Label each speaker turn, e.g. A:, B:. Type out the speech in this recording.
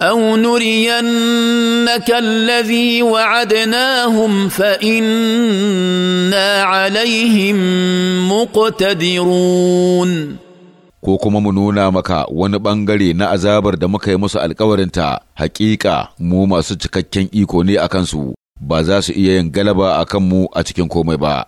A: أو نرينك الذي وعدناهم فإنا عليهم
B: مقتدرون
C: ko kuma mu nuna maka wani ɓangare na azabar da muka yi musu alkawarinta hakika mu masu cikakken iko ne a kansu ba za su iya
D: yin galaba a kanmu a cikin komai ba